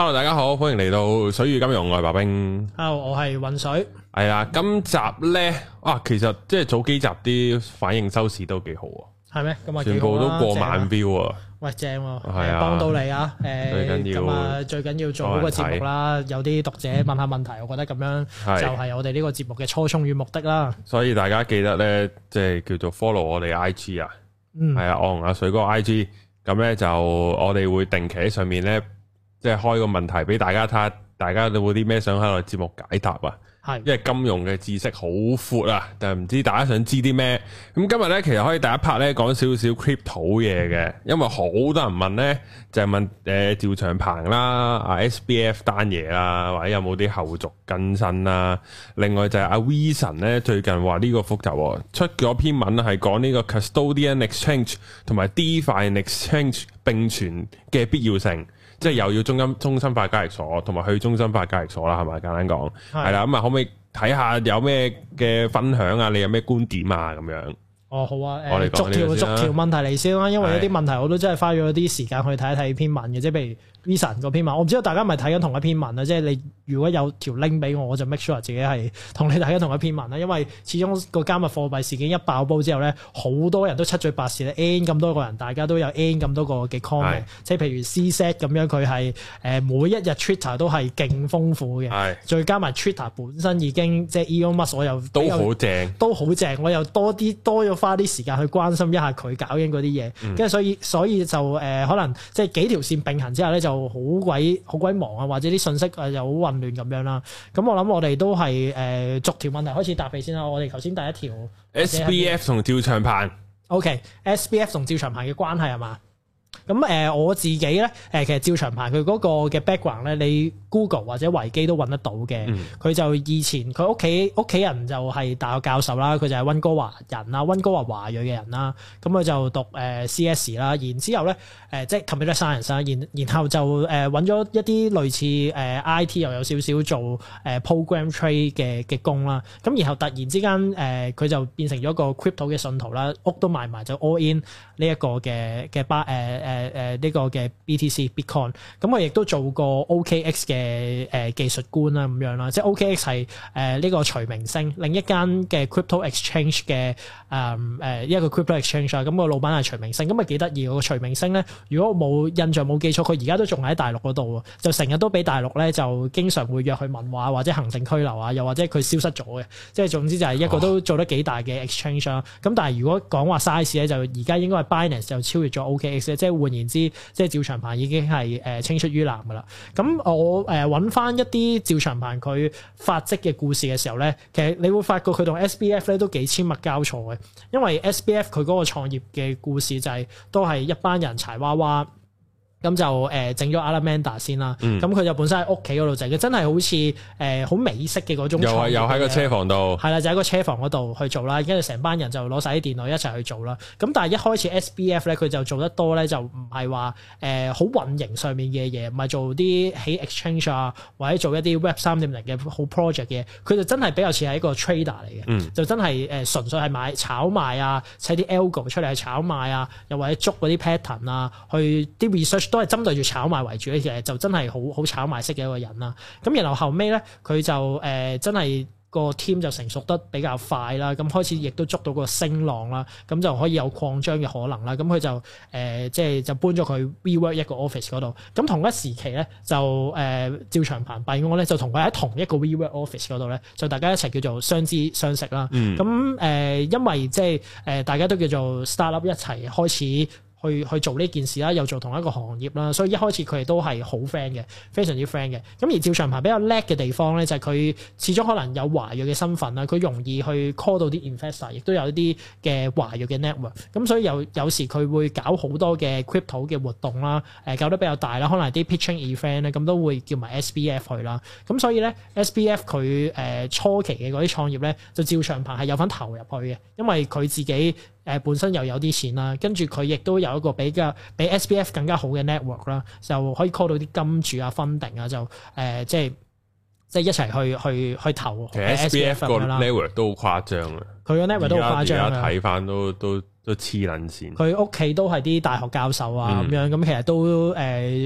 hello，大家好，歡迎嚟到水與金融，我係白兵，Hello，我係渾水，係啊，今集咧啊，其實即係早幾集啲反應收視都幾好啊，係咩？咁啊，全部都過萬標啊，啊，喂，正，係啊，幫、啊、到你啊，誒、呃，咁啊，最緊要做好個節目啦，有啲讀者問下問題，我覺得咁樣就係我哋呢個節目嘅初衷與目的啦的。所以大家記得咧，即係叫做 follow 我哋 IG 啊，嗯，係啊、嗯，我同阿水哥 IG，咁咧就我哋會定期喺上面咧。即係開個問題俾大家睇，大家有冇啲咩想喺我節目解答啊？係的，因為金融嘅知識好闊啊，但唔知大家想知啲咩。咁今日咧，其實可以第一 part 咧講少少 crypto 嘢嘅，因為好多人問咧，就係、是、問誒、呃、趙長鵬啦、阿、啊、SBF 單嘢啦，或者有冇啲後續更新啦、啊。另外就係阿 V 神咧，最近話呢個複雜、哦，出咗篇文啦，係講呢個 custodian exchange 同埋 defi exchange 並存嘅必要性。即係又要中心中心化交易所，同埋去中心化交易所啦，係咪簡單講？係啦的，咁啊、嗯，可唔可以睇下有咩嘅分享啊？你有咩觀點啊？咁樣。哦，好啊，誒、嗯，逐條逐條問題嚟先啦，的因為有啲問題我都真係花咗啲時間去睇一睇篇文嘅，即係譬如 Eason 嗰篇文，我唔知道大家係咪睇緊同一篇文啊，即係你如果有條 link 俾我，我就 make sure 自己係同你睇緊同一篇文啦，因為始終個加密貨幣事件一爆煲之後咧，好多人都七嘴八舌咧，n 咁多個人，大家都有 n 咁多個嘅 comment，即係的譬如 CZ 咁樣，佢係誒每一日 Twitter 都係勁豐富嘅，係再的的加埋 Twitter 本身已經即係 Elon Musk 我有都好正，都好正，我又多啲多咗。多花啲時間去關心一下佢搞緊嗰啲嘢，跟住、嗯、所以所以就誒、呃、可能即係幾條線並行之下咧，就好鬼好鬼忙啊，或者啲信息又好混亂咁樣啦。咁我諗我哋都係誒、呃、逐條問題開始答你先啦。我哋頭先第一條 S B SB F 同趙長鵬，OK，S、okay, B F 同趙長鵬嘅關係係嘛？咁誒、呃、我自己咧，誒、呃、其實照長鵬佢嗰個嘅 background 咧，你 Google 或者維基都揾得到嘅。佢、嗯、就以前佢屋企屋企人就係大學教授啦，佢就係温哥華人啦，温哥華華裔嘅人啦。咁佢就讀誒、呃、CS 啦，然之後咧誒即係 computer science 啦，然然後就誒揾咗一啲類似誒、呃、IT 又有少少做誒、呃、program trade 嘅嘅工啦。咁然後突然之間誒佢就變成咗個 crypto 嘅信徒啦，屋都賣埋就 all in 呢一個嘅嘅巴誒。呃呃呃誒誒呢個嘅 BTC Bitcoin，咁我亦都做過 OKX 嘅誒、呃、技術官啦咁樣啦，即係 OKX 係誒呢個徐明星另一間嘅 crypto exchange 嘅誒誒一個 crypto exchange 咁、嗯、個老闆係徐明星，咁咪幾得意嗰個徐明星咧？如果我冇印象冇記錯，佢而家都仲喺大陸嗰度喎，就成日都俾大陸咧就經常會約去問話或者行政拘留啊，又或者佢消失咗嘅，即係總之就係一個都做得幾大嘅 exchange 啦。咁但係如果講話 size 咧，就而家應該係 Binance 就超越咗 OKX 咧，即係。換言之，即係趙長鵬已經係誒青出於藍噶啦。咁我誒揾翻一啲趙長鵬佢發跡嘅故事嘅時候咧，其實你會發覺佢同 S B F 咧都幾親密交錯嘅，因為 S B F 佢嗰個創業嘅故事就係、是、都係一班人柴娃娃。咁就誒整咗 Alameda 先啦，咁佢就本身喺屋企度整，真係好似誒好美式嘅種，又係又喺個車房度，係啦，就喺、是、個車房度去做啦，跟住成班人就攞晒啲電腦一齊去做啦。咁但係一開始 SBF 咧，佢就做得多咧，就唔係話誒好運營上面嘅嘢，唔係做啲起 exchange 啊，或者做一啲 web 三點零嘅好 project 嘅，佢就真係比較似係一個 trader 嚟嘅、嗯，就真係誒純粹係買炒賣啊，使啲 algo 出嚟去炒賣啊，又或者捉嗰啲 pattern 啊，去啲 research。都係針對住炒賣為主嘅，就真係好好炒賣式嘅一個人啦。咁然後後尾咧，佢就誒、呃、真係個 team 就成熟得比較快啦。咁開始亦都捉到個升浪啦，咁就可以有擴張嘅可能啦。咁佢就誒即係就搬咗佢 WeWork 一個 office 嗰度。咁同一時期咧，就誒、呃、照常頻頻我咧就同佢喺同一個 WeWork office 嗰度咧，就大家一齊叫做相知相識啦。咁誒、嗯呃、因為即係誒大家都叫做 startup 一齊開始。去去做呢件事啦，又做同一個行業啦，所以一開始佢哋都係好 friend 嘅，非常之 friend 嘅。咁而趙長鵬比較叻嘅地方咧，就係、是、佢始終可能有華裔嘅身份啦，佢容易去 call 到啲 investor，亦都有一啲嘅華裔嘅 network。咁所以有有時佢會搞好多嘅 crypto 嘅活動啦，誒、啊、搞得比較大啦，可能啲 pitching event 咧、啊，咁都會叫埋 SBF 去啦。咁、啊、所以咧，SBF 佢誒初期嘅嗰啲創業咧，就趙長鵬係有份投入去嘅，因為佢自己，誒、呃、本身又有啲錢啦，跟住佢亦都有一個比較比 SBF 更加好嘅 network 啦，就可以 call 到啲金主啊、funding 啊，就誒、呃、即係即係一齊去去去投。其實 SBF 個 network 都好誇張啊，佢個 network 都好誇張啊，而家而家睇翻都都，啊都都黐撚線，佢屋企都係啲大學教授啊咁、嗯、樣，咁其實都誒、呃、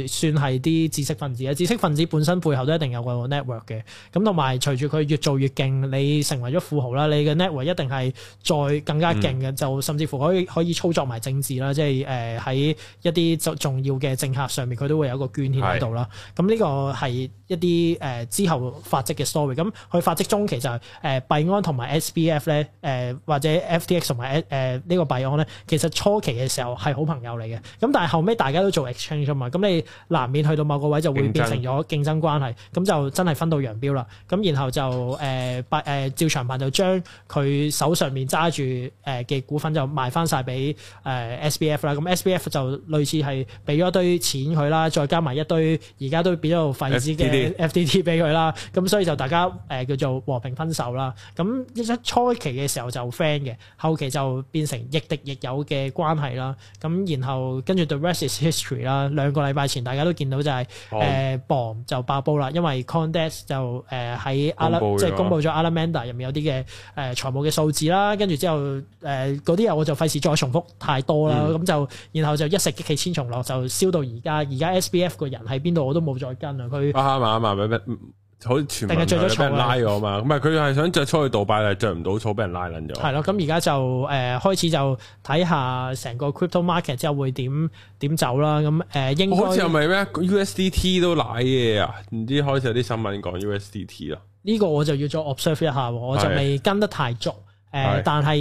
算係啲知識分子啊。知識分子本身背後都一定有個 network 嘅，咁同埋隨住佢越做越勁，你成為咗富豪啦，你嘅 network 一定係再更加勁嘅，嗯、就甚至乎可以可以操作埋政治啦，即係誒喺一啲就重要嘅政客上面，佢都會有一個捐獻喺度啦。咁呢是個係一啲誒、呃、之後發跡嘅 story。咁佢發跡中期就係、是、誒、呃、幣安同埋 SBF 咧、呃，誒或者 FTX 同埋誒、呃、呢、呃這個幣。咧，其實初期嘅時候係好朋友嚟嘅，咁但係後尾大家都做 exchange 嘛，咁你難免去到某個位就會變成咗競爭關係，咁爭就真係分道揚鑣啦。咁然後就誒不誒趙長鵬，就將佢手上面揸住誒嘅股份就賣翻晒俾誒 SBF 啦。咁 SBF 就類似係俾咗一堆錢佢啦，再加埋一堆而家都變咗廢紙嘅 FTT 俾佢啦。咁所以就大家誒、呃、叫做和平分手啦。咁一初期嘅時候就 friend 嘅，後期就變成敵亦有嘅關係啦，咁然後跟住 the rest is history 啦。兩個禮拜前大家都見到就係誒 bomb 就爆煲啦，因為 CoinDesk 就誒喺阿拉即係公布咗 Alameda 入面有啲嘅誒財務嘅數字啦。跟住之後誒嗰啲人我就費事再重複太多啦。咁就、嗯、然後就一石激起千重浪，就燒到而家，而家 SBF 個人喺邊度我都冇再跟啊。佢啊嘛啊嘛咩咩。啊啊啊好全，定係著咗草啦，拉我嘛，唔係佢係想着出去杜拜，但係著唔到草，俾人拉撚咗。係咯，咁而家就誒、呃、開始就睇下成個 crypto market 之後會點點走啦，咁、呃、誒應該好似係咪咩 USDT 都瀨嘢啊？唔知開始有啲新聞講 USDT 咯。呢個我就要再 observe 一下，我就未跟得太足。誒，但係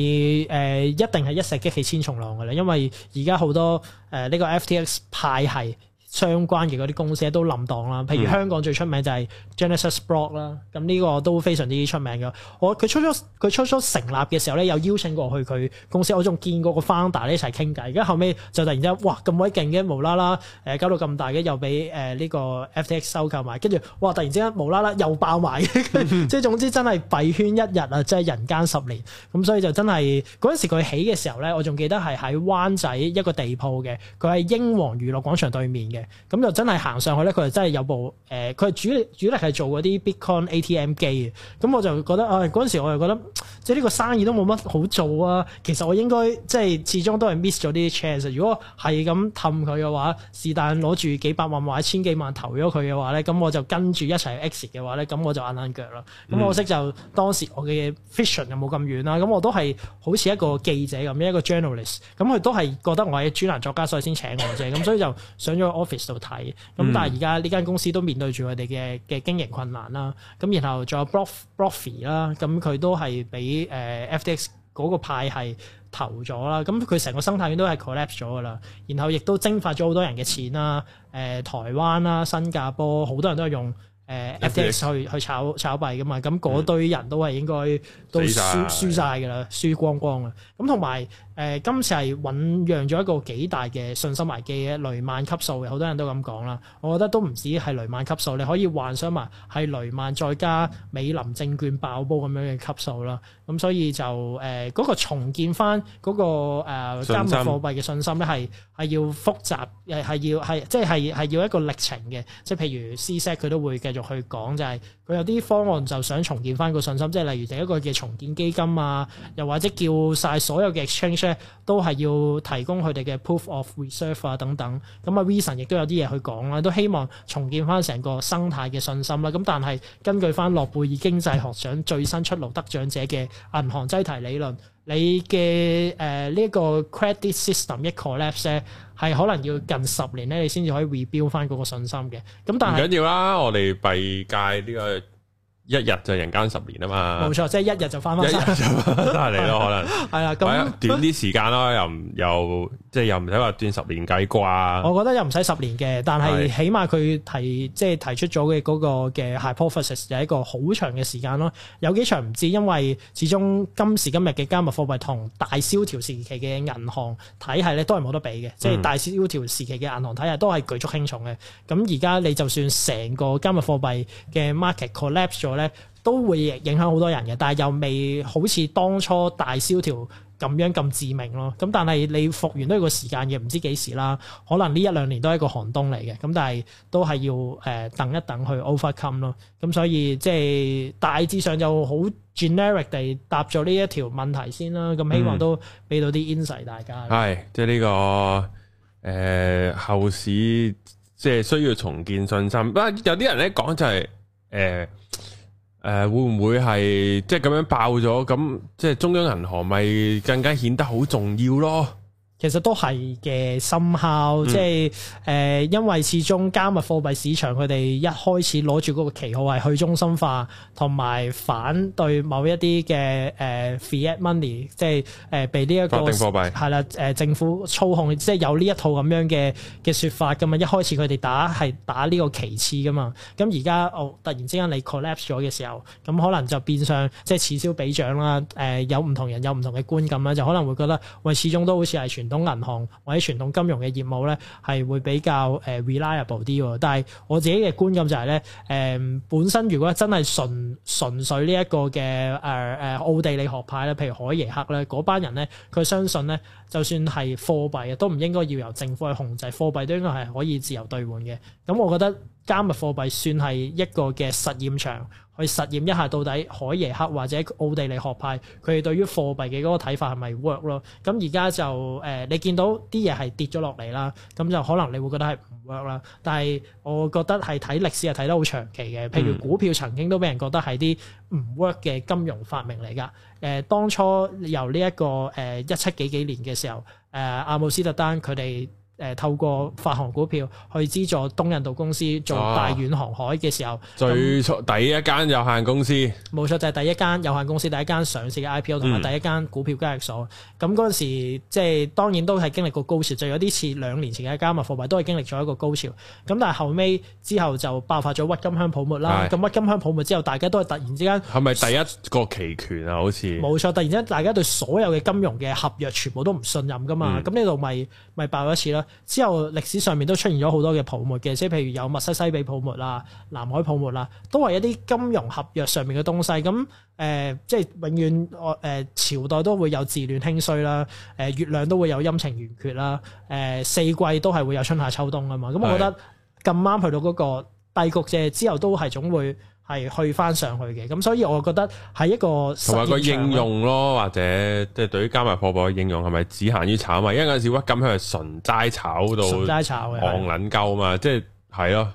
誒、呃、一定係一石激起千重浪嘅咧，因為而家好多誒呢、呃這個 FTX 派系。相關嘅嗰啲公司都冧檔啦，譬如香港最出名就係 Genesis Block 啦，咁呢個都非常之出名嘅。我佢初初佢初初成立嘅時候咧，有邀請過去佢公司，我仲見過個 founder 咧，一齊傾偈。而家後尾就突然之間，哇咁鬼勁嘅，無啦啦誒搞到咁大嘅，又俾誒呢個 FTX 收購埋，跟住哇突然之間無啦啦又爆埋，即係總之真係幣圈一日啊，即係人間十年。咁所以就真係嗰陣時佢起嘅時候咧，我仲記得係喺灣仔一個地鋪嘅，佢喺英皇娛樂廣場對面嘅。咁就真係行上去咧，佢就真係有部誒，佢、呃、係主力主力係做嗰啲 Bitcoin ATM 機嘅。咁我就覺得，啊嗰陣時我就覺得，即係呢個生意都冇乜好做啊。其實我應該即係始終都係 miss 咗呢啲 chance。如果係咁氹佢嘅話，是但攞住幾百萬或者千幾萬投咗佢嘅話咧，咁我就跟住一齊 exit 嘅話咧，咁我就硬硬腳啦。咁可惜就當時我嘅 vision 又冇咁遠啦、啊。咁我都係好似一個記者咁，一個 journalist。咁佢都係覺得我係專欄作家，所以先請我啫。咁所以就上咗 office 度睇，咁、嗯、但係而家呢間公司都面對住佢哋嘅嘅經營困難啦，咁然後仲有 Block BlockFi 啦，咁佢都係俾誒 FTX 嗰個派係投咗啦，咁佢成個生態圈都係 collapse 咗噶啦，然後亦都蒸發咗好多人嘅錢啦，誒、呃、台灣啦、新加坡好多人都係用。誒 FTX 去 D 去炒炒幣嘅嘛，咁嗰堆人都係應該都輸輸晒㗎啦，輸、嗯、光光啦，咁同埋誒今次係醞釀咗一個幾大嘅信心危機嘅雷曼級數嘅好多人都咁講啦。我覺得都唔止係雷曼級數，你可以幻想埋係雷曼再加美林證券爆煲咁樣嘅級數啦。咁所以就誒嗰、呃那個重建翻嗰、那個誒、呃、加密貨幣嘅信心咧，係係要複雜係係要係即係係要一個歷程嘅。即係譬如 CZ 佢都會繼續。去講就係、是、佢有啲方案就想重建翻個信心，即係例如第一個嘅重建基金啊，又或者叫晒所有嘅 exchange 都係要提供佢哋嘅 proof of reserve 啊等等。咁啊，V 神亦都有啲嘢去講啦，都希望重建翻成個生態嘅信心啦。咁但係根據翻諾貝爾經濟學獎最新出爐得獎者嘅銀行擠提理論。你嘅誒呢個 credit system 一 collapse 咧，係可能要近十年咧，你先至可以 rebuild 翻嗰個信心嘅。咁但係唔緊要啦，我哋閉界呢個。一日就人間十年啊嘛，冇錯，即係一日就翻一就翻一日就都係嚟咯，可能係啦，咁、嗯、短啲時間咯，又唔又即係又唔使話斷十年計啩。我覺得又唔使十年嘅，但係起碼佢提即係提出咗嘅嗰個嘅 hypothesis，就係一個好長嘅時間咯。有幾長唔知，因為始終今時今日嘅加密貨幣同大蕭條時期嘅銀行體系咧，都係冇得比嘅。即係大蕭條時期嘅銀行體系都、嗯、體系都係舉足輕重嘅。咁而家你就算成個加密貨幣嘅 market collapse 咗咧。都會影響好多人嘅，但係又未好似當初大蕭條咁樣咁致命咯。咁但係你復原都有個時間嘅，唔知幾時啦。可能呢一兩年都係一個寒冬嚟嘅。咁但係都係要誒、呃、等一等去 overcome 咯。咁所以即係大致上就好 generic 地答咗呢一條問題先啦。咁希望都俾到啲 insight、嗯、大家。係即係呢、呢個誒、呃、後市即係需要重建信心。不過有啲人咧講就係、是、誒。呃誒、呃、會唔會係即係咁樣爆咗咁，即係、即係、中央銀行咪更加顯得好重要咯？其實都係嘅，深孝。即係誒，因為始終加密貨幣市場佢哋一開始攞住嗰個旗號係去中心化，同埋反對某一啲嘅誒 fiat money，即係誒、呃、被呢、這、一個法定貨幣係啦，誒、呃、政府操控，即係有呢一套咁樣嘅嘅説法噶嘛。一開始佢哋打係打呢個旗幟噶嘛，咁而家哦突然之間你 collapse 咗嘅時候，咁可能就變相即係此消彼長啦。誒、呃，有唔同人有唔同嘅觀感啦，就可能會覺得喂，始終都好似係傳統。種銀行或者傳統金融嘅業務咧，係會比較誒 reliable 啲。但係我自己嘅觀感就係、是、咧，誒、呃、本身如果真係純純粹呢一個嘅誒誒奧地利學派咧，譬如海耶克咧，嗰班人咧，佢相信咧，就算係貨幣啊，都唔應該要由政府去控制貨幣，貨幣都應該係可以自由兌換嘅。咁我覺得加密貨幣算係一個嘅實驗場。去實驗一下到底海耶克或者奧地利學派佢哋對於貨幣嘅嗰個睇法係咪 work 咯？咁而家就誒、呃、你見到啲嘢係跌咗落嚟啦，咁就可能你會覺得係唔 work 啦。但係我覺得係睇歷史係睇得好長期嘅，譬如股票曾經都俾人覺得係啲唔 work 嘅金融發明嚟噶。誒、呃，當初由呢、這、一個誒一七幾幾年嘅時候，誒、呃、阿姆斯特丹佢哋。誒透過發行股票去資助東印度公司做大遠航海嘅時候，啊嗯、最初第一間有限公司，冇錯就係、是、第一間有限公司，第一間上市嘅 IPO 同埋第一間股票交易所。咁嗰陣時，即係當然都係經歷過高潮，就係、有啲似兩年前嘅加密貨幣都係經歷咗一個高潮。咁但係後尾之後就爆發咗鬱金香泡沫啦。咁鬱的金香泡沫之後，大家都係突然之間係咪第一個期權啊？好似冇錯，突然之間大家對所有嘅金融嘅合約全部都唔信任㗎嘛。咁呢度咪咪爆一次啦。之後歷史上面都出現咗好多嘅泡沫嘅，即係譬如有密西西比泡沫啦、南海泡沫啦，都係一啲金融合約上面嘅東西。咁誒、呃，即係永遠誒、呃、朝代都會有治亂興衰啦，誒、呃、月亮都會有陰晴圓缺啦，誒、呃、四季都係會有春夏秋冬啊嘛。咁我覺得咁啱去到嗰個帝國，即之後都係總會。係去翻上去嘅，咁所以我覺得係一個同埋個應用咯，或者即係對於加密貨幣嘅應用係咪只限於炒啊？因為有陣時鬱金香佢係純齋炒到，純齋炒嘅，戇撚鳩嘛，的即係，係囉。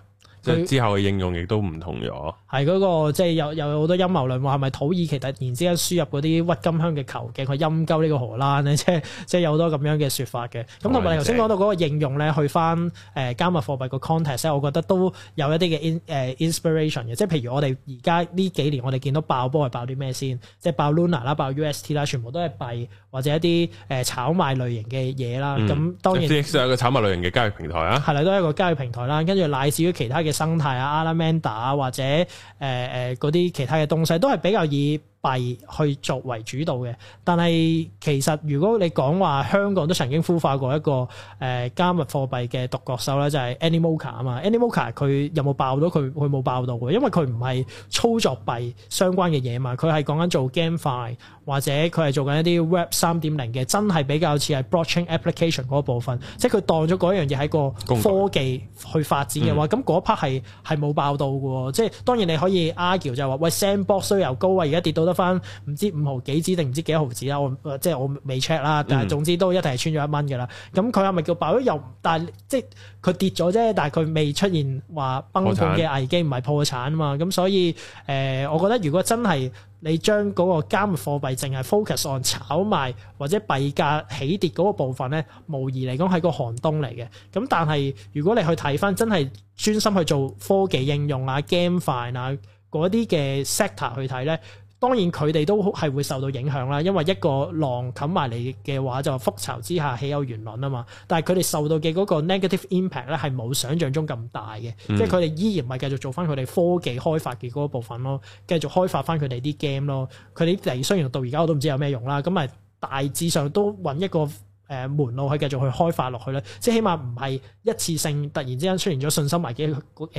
即係之後嘅應用亦都唔同咗，係嗰、嗰個即係有有好多陰謀論話係咪土耳其突然之間輸入嗰啲鬱金香嘅球莖，嘅去陰溝呢個荷蘭啦？呢即係即係有好多咁樣嘅説法嘅。咁同埋你頭先講到嗰個應用咧，去返誒、呃、加密貨幣個 context，我覺得都有一啲嘅 in、uh, inspiration 嘅。即係譬如我哋而家呢幾年我哋見到爆波係爆啲咩先？即係爆 Luna 啦，爆 UST 啦，全部都係幣或者一啲誒炒賣類型嘅嘢啦。咁、嗯、當然即係一個炒賣類型嘅交易平台啊。係啦，都係一個交易平台啦。跟住乃至於其他嘅。嘅生態啊，Alameda 啊，或者誒誒嗰啲其他嘅東西，都係比較易。幣去作為主導嘅，但係其實如果你講話香港都曾經孵化過一個誒、呃、加密貨幣嘅獨角獸咧，就係、是、Animoca 啊嘛 Animoca 佢有冇爆到？佢佢冇爆到嘅，因為佢唔係操作幣相關嘅嘢嘛，佢係講緊做 GameFi 或者佢係做緊一啲 Web 三點零嘅，真係比較似係 blockchain application 嗰部分，即係佢當咗樣嘢喺個科技去發展嘅話，咁一 part 係係冇爆到嘅，嗯、即係當然你可以 argue 就係話喂，Sandbox 需求高啊，而家跌到得。翻唔知五毫幾紙定唔知幾多毫紙啦，我即係我未 check 啦，但係總之都一定係穿咗一蚊嘅啦。咁佢係咪叫爆咗？又但係即係佢跌咗啫，但係佢未出現話崩盤嘅危機，唔係破產啊嘛。咁所以誒，我覺得如果真係你將嗰個加密貨幣淨係 focus on 炒賣或者幣價起跌嗰個部分咧，無疑嚟講係個寒冬嚟嘅。咁但係如果你去睇翻真係專心去做科技應用啊、GameFi 啊嗰啲嘅 sector 去睇咧。當然佢哋都係會受到影響啦，因為一個浪冚埋嚟嘅話，就覆巢之下，豈有完卵啊嘛！但係佢哋受到嘅嗰個 negative impact 咧，係冇想象中咁大嘅，即係佢哋依然咪繼續做翻佢哋科技開發嘅嗰部分咯，繼續開發翻佢哋啲 game 咯。佢哋嚟雖然到而家我都唔知有咩用啦，咁咪大致上都揾一個誒門路去繼續去開發落去啦。即係起碼唔係一次性突然之間出現咗信心危機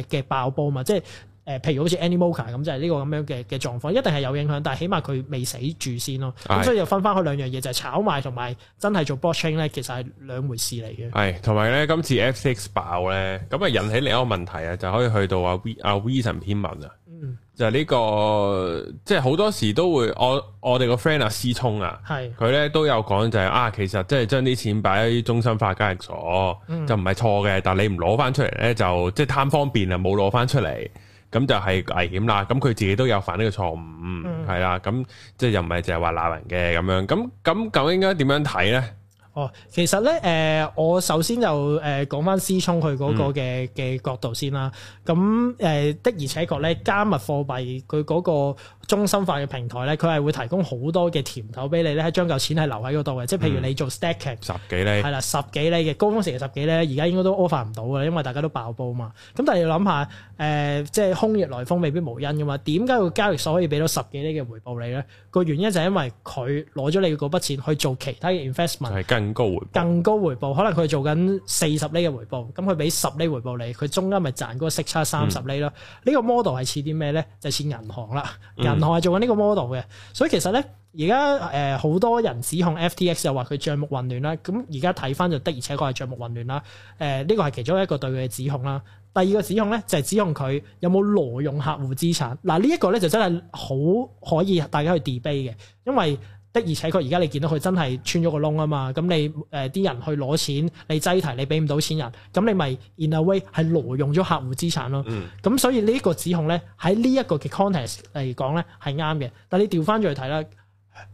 嘅爆波嘛，即係。誒、呃，譬如好似 Animoca 咁，就係、是、呢個咁樣嘅嘅狀況，一定係有影響，但係起碼佢未死住先咯。咁的、嗯、所以又分開兩樣嘢，就係、是、炒賣同埋真係做 blockchain 咧，其實係兩回事嚟嘅。係，同埋咧，今次 FTX 爆咧，咁啊引起另一個問題啊，就可以去到啊 We 啊 Weason 篇文啊，嗯、就係呢、這個，即係好多時都會，我我哋個 friend 啊，思聰啊，係佢咧都有講就係、是、啊，其實即係將啲錢擺喺中心化交易所、嗯、就唔係錯嘅，但係你唔攞翻出嚟咧，就即、是、係貪方便啊，冇攞翻出嚟。咁就係危險啦！咁佢自己都有犯呢個錯誤，係啦、嗯，咁即係又唔係淨係話鬧人嘅咁樣。咁咁究竟應該點樣睇咧？哦，其實咧，誒、呃，我首先就誒、呃、講翻思聰佢嗰個嘅嘅角度先啦。咁誒、嗯呃、的而且確咧，加密貨幣佢嗰、嗰個。中心化嘅平台咧，佢係會提供好多嘅甜頭俾你咧，將嚿錢係留喺嗰度嘅。即係譬如你做 stacking 十幾厘？係啦，十幾厘嘅高峰時期十幾厘，而家應該都 offer 唔到啦，因為大家都爆煲嘛。咁但係要諗下，誒，即係空穴來風未必無因噶嘛。點解個交易所可以俾到十幾厘嘅回報你咧？個原因就係因為佢攞咗你嗰筆錢去做其他嘅 investment，係更高回更高回報。可能佢做緊四十厘嘅回報，咁佢俾十厘回報你，佢中間咪賺嗰個息差三十厘咯？呢個 model 係似啲咩咧？就似銀行啦，同係做緊呢個 model 嘅，所以其實咧，而家誒，好多人指控 FTX 又話佢賬目混亂啦，咁而家睇翻就的，而且確係賬目混亂啦。誒，呢個係其中一個對佢嘅指控啦。第二個指控咧就係指控佢有冇挪用客戶資產。嗱，呢一個咧就真係好可以大家去 debate 嘅，因為。的而且確，而家你見到佢真係穿咗個窿啊嘛，咁你誒啲、呃、人去攞錢，你擠提你俾唔到錢人，咁你咪 in a way，係挪用咗客戶資產咯。咁、嗯、所以呢個指控咧喺呢一個 context 嚟講咧係啱嘅，但你調翻轉嚟睇啦，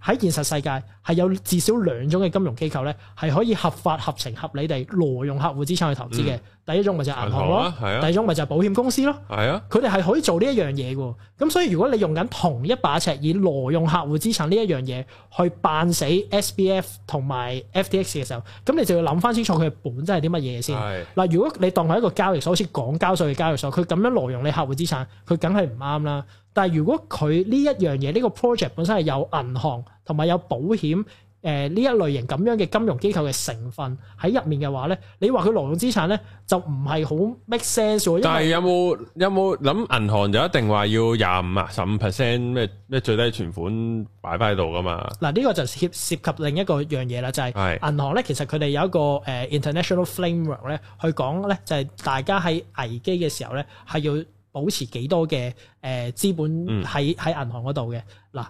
喺現實世界。係有至少兩種嘅金融機構咧，係可以合法合情合理地挪用客戶資產去投資嘅。嗯、第一種咪就係銀行咯，嗯、第二種咪就係保險公司咯。係啊、嗯，佢哋係可以做呢一樣嘢嘅。咁所以如果你用緊同一把尺以挪用客戶資產呢一樣嘢去辦死 SBF 同埋 FTX 嘅時候，咁你就要諗翻清楚佢嘅本質係啲乜嘢先。嗱的，如果你當係一個交易所，好似港交所嘅交易所，佢咁樣挪用你客戶資產，佢梗係唔啱啦。但係如果佢呢一樣嘢，呢、呢個 project 本身係有銀行。同埋有保險，誒，呢一類型咁樣嘅金融機構嘅成分喺入面嘅話咧，你話佢挪用資產咧，就唔係好 make sense 喎。但係有冇，有冇諗銀行就一定話要廿五啊十五 percent 咩咩最低存款擺返喺度㗎嘛？嗱，呢個就涉，涉及另一個樣嘢啦，就係銀行咧，其實佢哋有一個誒 international framework 咧，去講咧，就係大家喺危機嘅時候咧，係要保持幾多嘅誒資本喺，喺銀行嗰度嘅嗱。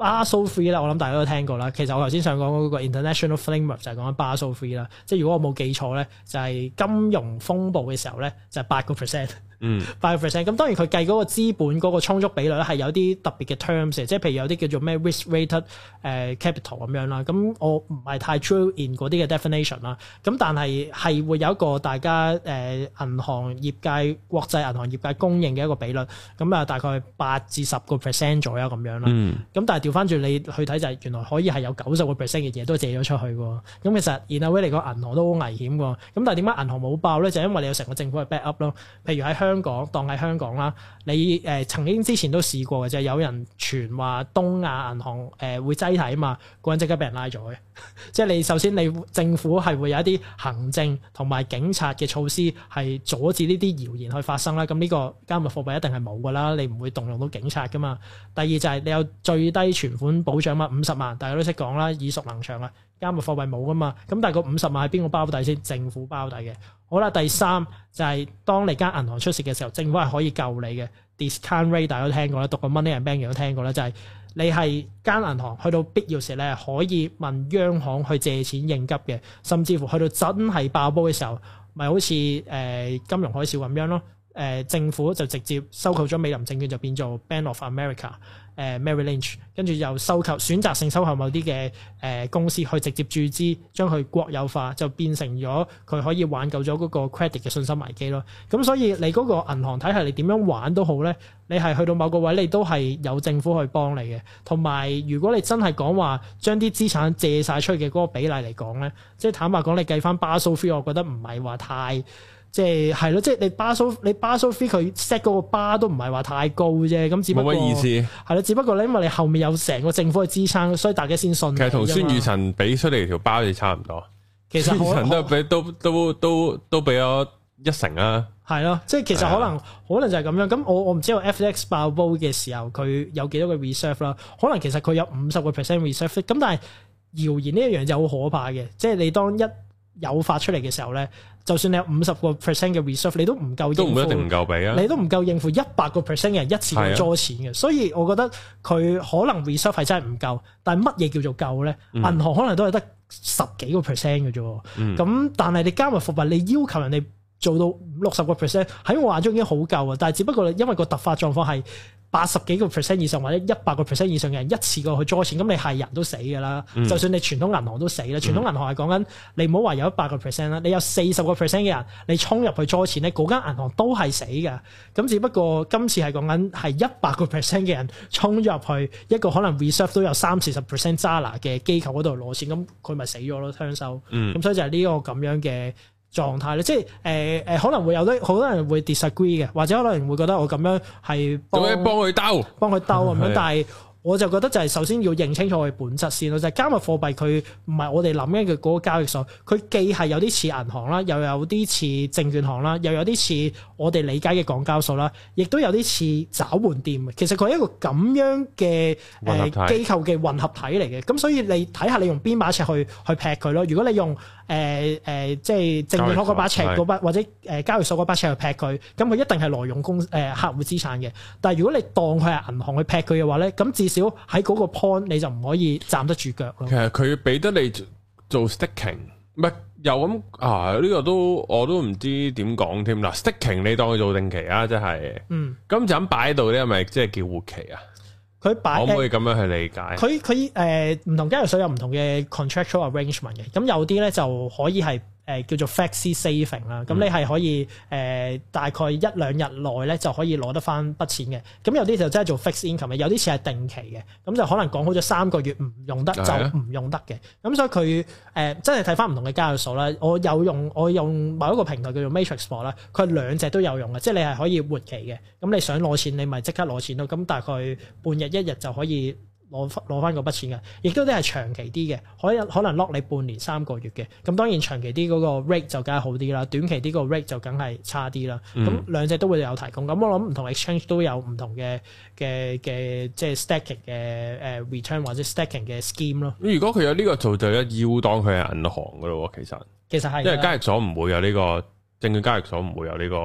巴索三啦，so、free，我諗大家都聽過啦。其實我頭先想講嗰個 international framework 就係講緊巴索三啦。So、free，即係如果我冇記錯咧，就係、是、金融風暴嘅時候咧，就係八個 percent。嗯，five percent 咁當然佢計嗰個資本嗰個充足比率咧，係有啲特別嘅 terms，即係譬如有啲叫做咩 risk-rated capital 咁樣啦。咁我唔係太 true in 嗰啲嘅 definition 啦。咁但係係會有一個大家誒、呃、銀行業界、國際銀行業界公認嘅一個比率。咁啊，大概八至十個 percent 左右咁樣啦。咁、嗯、但係調翻轉你去睇就係原來可以係有九十個 percent 嘅嘢都借咗出去喎。咁其實原來威你個銀行都好危險喎。咁但係點解銀行冇爆咧？就係、因為你有成個政府去 back up 咯。譬如喺香。香港當係香港啦，你誒、呃、曾經之前都試過嘅啫。有人傳話東亞銀行誒、呃、會擠提啊嘛，嗰人即刻俾人拉咗嘅。 即係你首先你政府係會有一啲行政同埋警察嘅措施，係阻止呢啲謠言去發生啦。咁呢個加密貨幣一定係冇㗎啦，你唔會動用到警察㗎嘛。第二就係你有最低存款保障嘛，五十萬大家都識講啦，耳熟能詳啦。加密貨幣冇㗎嘛，咁但係個五十萬係邊個包底先？政府包底嘅。好啦，第三就係、是、當你間銀行出事嘅時候，政府係可以救你嘅 discount rate，大家都聽過啦，讀過 money bank 嘅都聽過啦，就係、是、你係間銀行去到必要時咧，可以問央行去借錢應急嘅，甚至乎去到真係爆煲嘅時候，咪好似誒、呃、金融海嘯咁樣咯。誒、呃、政府就直接收購咗美林證券，就變做 Bank of America，誒、呃、Merrill Lynch 跟住又收購選擇性收購某啲嘅誒公司，去直接注資將佢國有化，就變成咗佢可以挽救咗嗰個 credit 嘅信心危機咯。咁所以你嗰個銀行體系，你點樣玩都好咧，你係去到某個位，你都係有政府去幫你嘅。同埋，如果你真係講話將啲資產借晒出去嘅嗰個比例嚟講咧，即係坦白講，你計翻巴蘇 fee，我覺得唔係話太。即係係咯，即係你巴蘇你巴蘇飛佢 set 嗰個巴都唔係話太高啫，咁只不過冇乜意思，係咯，只不過你因為你後面有成個政府嘅支撐，所以大家先信。其實同孫宇晨俾出嚟條巴嘅差唔多，其實孫宇晨都俾我都都都都俾咗一成啊！係咯，即係其實可能的可能就係咁樣。咁我我唔知道 FTX 爆煲嘅時候佢有幾多個 reserve 啦？可能其實佢有五十個 percent reserve 咁，res erve，但係謠言呢一樣就好可怕嘅，即係你當一。有發出嚟嘅時候咧，就算你有五十個 percent 嘅 reserve，你都唔夠應付，都唔一定唔夠畀啊。你都唔夠應付一百個 percent 嘅人一次去咗錢嘅，啊、所以我覺得佢可能 reserve 係真係唔夠。但係乜嘢叫做夠咧？嗯、銀行可能都係得十幾個 percent 嘅啫。咁、嗯、但係你加埋服務，你要求人哋。做到六十個 percent 喺我眼中已經好夠啊！但係只不過因為個突發狀況係八十幾個 percent 以上或者一百個 percent 以上嘅人一次過去追錢，咁你係人都死嘅啦。嗯、就算你傳統銀行都死啦，傳統銀行係講緊你唔好話有一百個 percent 啦，嗯、你有四十個 percent 嘅人你衝入去追錢咧，嗰間銀行都係死嘅。咁只不過今次係講緊係一百個 percent 嘅人衝入去一個可能 reserve 都有三四十 percent 渣啦嘅機構嗰度攞錢，咁佢咪死咗咯？搶手咁，所以就係呢個咁樣嘅狀態咧，即係誒誒，可能會有啲好多人會 disagree 嘅，或者可能會覺得我咁樣係點樣幫佢兜，幫佢兜咁樣，嗯，但係。我就覺得就係首先要認清楚佢本質先咯，就係、加密貨幣佢唔係我哋諗緊嘅嗰個交易所，佢既係有啲似銀行啦，又有啲似證券行啦，又有啲似我哋理解嘅港交所啦，亦都有啲似找換店。其實佢係一個咁樣嘅誒、呃、機構嘅混合體嚟嘅，咁所以你睇下你用邊把尺去去劈佢咯。如果你用誒誒、呃呃、即係證券行嗰把尺嗰把,把，或者誒、呃、交易所嗰把尺去劈佢，咁佢一定係挪用公誒、呃、客戶資產嘅。但係如果你當佢係銀行去劈佢嘅話咧，咁.少喺嗰個 point 你就唔可以站得住腳咯。其實佢俾得你做，做 staking，唔係又咁啊？呢、這個都我都唔知點講添。嗱、啊、staking 你當佢做定期啊，即係。嗯。咁就咁擺喺度咧，係咪即係叫活期啊？佢擺可唔可以咁樣去理解？佢佢誒，唔、呃、同金融所有唔同嘅 contractual arrangement 嘅。咁有啲咧就可以係。誒叫做 fixed saving 啦，咁你係可以誒、呃、大概一兩日內咧就可以攞得翻筆錢嘅。咁有啲就真係做 fixed income 嘅，有啲嘢係定期嘅，咁就可能講好咗三個月唔用得就唔用得嘅。咁的所以佢誒、呃、真係睇翻唔同嘅交易所啦。我有用我用某一個平台叫做 Matrixport 啦，佢兩隻都有用嘅，即係你係可以活期嘅。咁你想攞錢你咪即刻攞錢咯。咁大概半日一日就可以。攞翻攞翻嗰筆錢嘅，亦都都係長期啲嘅，可以可能 lock 你半年三個月嘅。咁當然長期啲嗰個 rate 就梗係好啲啦，短期啲個 rate 就梗係差啲啦。咁、嗯、兩隻都會有提供。咁我諗唔同 exchange 都有唔同嘅嘅嘅即係 staking 嘅誒 return 或者 staking 嘅 scheme 咯。如果佢有呢個做就一要當佢係銀行噶咯，其實，其實係，因為交易所唔會有呢個。證券交易所唔會有呢個，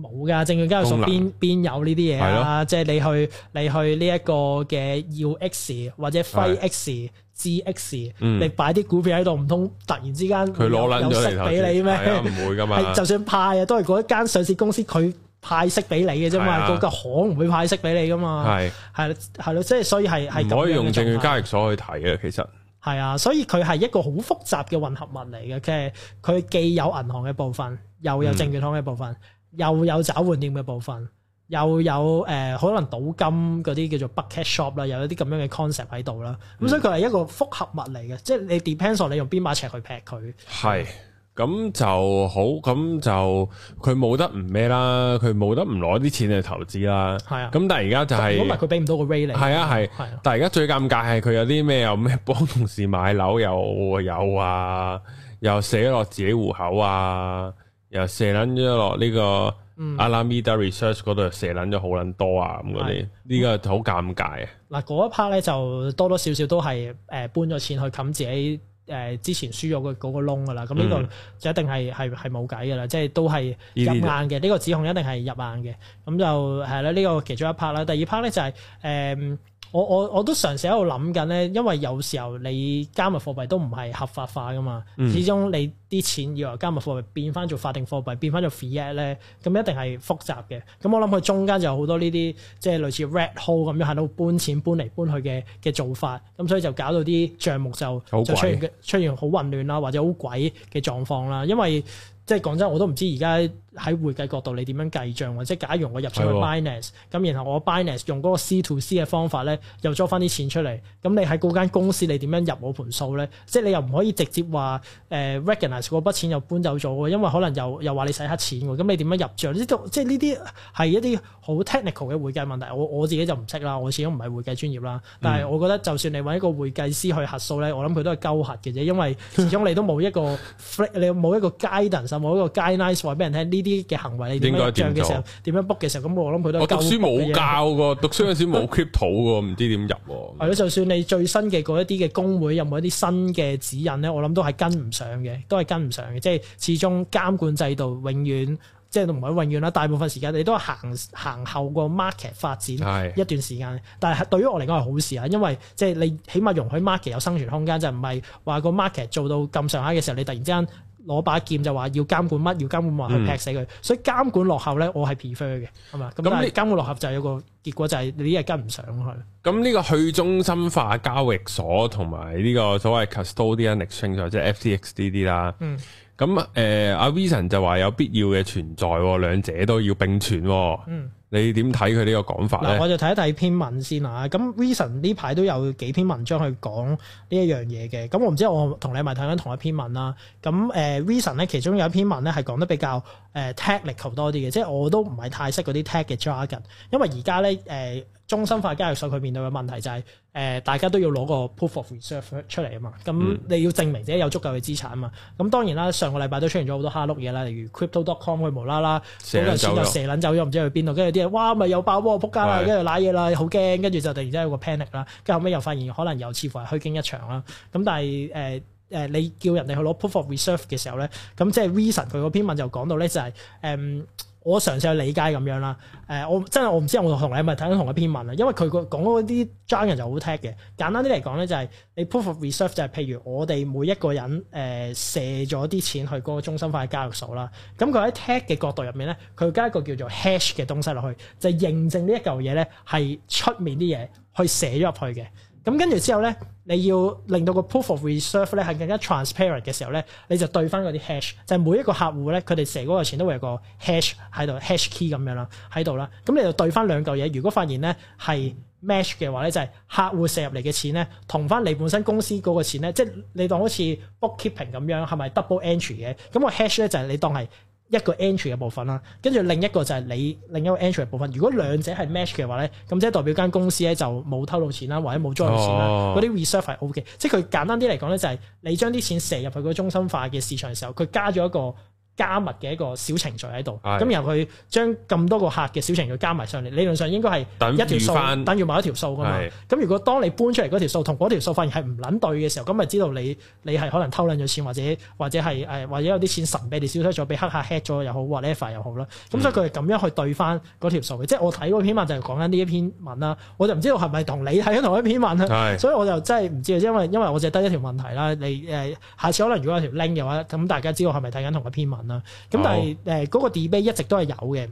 冇噶，證券交易所邊邊有呢啲嘢啊？的即係你去你去呢一個嘅要 X 或者非 X 的、G X，的你擺啲股票喺度，唔通突然之間佢攞捻咗息俾你咩？唔會噶嘛，就算派啊，都係嗰一間上市公司佢派息俾你嘅啫嘛，個個行唔會派息俾你噶嘛。係係咯係咯，即係所以係係可以用證券交易所去睇嘅，其實係啊，所以佢係一個好複雜嘅混合物嚟嘅，佢係佢既有銀行嘅部分。又有證券通嘅部分，又有找換店嘅部分，又有誒可能賭金嗰啲叫做 bucket shop 啦，有一啲咁樣嘅 concept 喺度啦。咁所以佢係一個複合物嚟嘅，即係你 depends on 你用邊把尺去劈佢。係，咁就好，咁就佢冇得唔咩啦，佢冇得唔攞啲錢嚟投資啦。係啊，咁但係而家就係，如果唔係佢俾唔到個 rate 嚟，係啊係，係。但係而家最尷尬係佢有啲咩？有咩幫同事買樓又有啊，又寫落自己戶口啊。又射撚咗落呢個阿拉米達 research 嗰度，射撚咗好撚多啊，咁嗰啲，呢個好尷尬啊！嗱嗰一 part 咧就多多少少都係誒搬咗錢去冚自己誒之前輸咗嘅嗰個窿噶啦，咁呢個就一定係係係冇計噶啦，即係、就是、都係入硬嘅，呢、嗯、個指控一定係入硬嘅，咁就係啦，呢、呢個其中一 part 啦，第二 part 咧就係、是、誒。嗯我我我都嘗試喺度諗緊咧，因為有時候你加密貨幣都唔係合法化噶嘛，始終你啲錢要由加密貨幣變翻做法定貨幣，變翻做 fiat 咧，咁一定係複雜嘅。咁我諗佢中間就有好多呢啲，即係類似 red hole 咁樣喺度搬錢搬嚟搬去嘅嘅做法，咁所以就搞到啲帳目就就出現鬼出現好混亂啦，或者好鬼嘅狀況啦。因為即係講真，我都唔知而家。喺會計角度你，你點樣計賬，或者假如我入咗去 Binance 咁、嗯、然後我 Binance 用個 C to C 嘅方法咧，又租翻啲錢出嚟。咁你喺嗰間公司，你點樣入我盤數咧？即係你又唔可以直接話誒 recognize 嗰筆錢，又搬走咗因為可能又又話你使黑錢，喎。咁你點樣入賬呢啲即係呢啲係一啲好 technical 嘅會計問題，我我自己就唔識啦，我始終唔係會計專業啦。但係我覺得就算你揾一個會計師去核數咧，我諗佢都係鳩核嘅啫，因為始終你都冇一個 你冇一個 guidance，冇一個 guidance 話俾人聽呢。啲嘅行為，點樣做嘅時候，點樣 book 嘅時候，咁我諗佢都。我讀書冇教過，讀書嗰時冇 keep 土過，唔、嗯、知點入。係咯，就算你最新嘅嗰一啲嘅公會有冇一啲新嘅指引咧，我諗都係跟唔上嘅，都係跟唔上嘅。即係始終監管制度永遠即係唔係永遠啦，大部分時間你都係行行後個 market 發展一段時間。是但係對於我嚟講係好事啊，因為即係你起碼容許 market 有生存空間，就唔係話個 market 做到咁上下嘅時候，你突然之間，攞把劍就話要監管乜，要監管話去劈死佢，嗯、所以監管落後咧，我係 prefer 嘅，係嘛？咁但係監管落後就係有個結果，就係你啲嘢跟唔上去。咁呢個去中心化交易所同埋呢個所謂 custodian exchange，即係 FTX 呢啲啦。嗯。咁誒，阿、呃、Vinson 就話有必要嘅存在，兩者都要並存。嗯。你點睇佢呢個講法咧？嗱，我就睇一睇篇文先啦。咁 Reason 呢排都有幾篇文章去講呢一樣嘢嘅。咁我唔知我同你咪睇緊同一篇文啦。咁誒 Reason 咧，其中有一篇文咧係講得比較誒 technical、呃、多啲嘅，即係我都唔係太識嗰啲 tech 嘅 jargon。因為而家咧誒，中心化交易所佢面對嘅問題就係、是。誒，大家都要攞個 proof of reserve 出嚟啊嘛，咁你要證明自己有足夠嘅資產啊嘛，咁當然啦，上個禮拜都出現咗好多蝦碌嘢啦，例如 crypto dot com 佢無啦啦嗰嚿錢又蛇撚走咗，唔知去邊度，跟住啲人哇咪又爆波撲街啦，跟住瀨嘢啦，好驚，跟住就突然之間有個 panic 啦，跟住後尾又發現可能又似乎係虛驚一場啦，咁但係誒誒，你叫人哋去攞 proof of reserve 嘅時候咧，咁即係 reason 佢個篇文就講到咧就係、是、誒。嗯。我嘗試去理解咁樣啦，誒、呃，我真係我唔知，我同你係咪睇緊同一篇文啦，因為佢個講嗰啲 journal 就好 tech 嘅，簡單啲嚟講咧就係、是、你 proof of reserve 就係譬如我哋每一個人誒射咗啲錢去嗰個中心化嘅交易所啦，咁佢喺 tag 嘅角度入面咧，佢加一個叫做 hash 嘅東西落去，就是、認證呢一嚿嘢咧係出面啲嘢去寫咗入去嘅。咁跟住之後咧，你要令到個 proof of reserve 咧係更加 transparent 嘅時候咧，你就對翻嗰啲 hash，就係每一個客戶咧，佢哋射嗰個錢都會有個 hash 喺度，hash key 咁樣啦，喺度啦。咁你就對翻兩嚿嘢，如果發現咧係 match 嘅話咧，就係、是、客戶射入嚟嘅錢咧，同翻你本身公司嗰個錢咧，即、就、係、是、你當好似 bookkeeping 咁樣，係咪 double entry 嘅？咁、那個 hash 咧就係、是、你當係。一個 entry 嘅部分啦，跟住另一個就係你另一個 entry 嘅部分。如果兩者係 match 嘅話咧，咁即係代表間公司咧就冇偷到錢啦，或者冇租到錢啦。嗰啲、哦、reserve 係 OK，即係佢簡單啲嚟講咧，就係你將啲錢射入去個中心化嘅市場嘅時候，佢加咗一個加密嘅一個小程序喺度，咁是的 然後佢將咁多個客嘅小程序加埋上嚟，是的 理論上應該係等一條數等於某一條數噶嘛。咁是的 如果當你搬出嚟嗰條數同嗰條數發現係唔撚對嘅時候，咁咪是的 知道你你係可能偷撚咗錢，或者或者係誒、哎、或者有啲錢神秘地消失咗，俾黑客 hack 咗又好，或 e 快又好啦。咁、嗯、所以佢係咁樣去對翻嗰條數嘅。即係、嗯、我睇嗰篇文就係講緊呢一篇文啦，我就唔知道係咪同你睇緊同一篇文。所以我就真係唔知，因為因為我就得一條問題啦。你誒下次可能如果有條 link 嘅話，咁大家知道係咪睇緊同一篇文？啦，咁但係誒嗰個 debate 一直都係有嘅，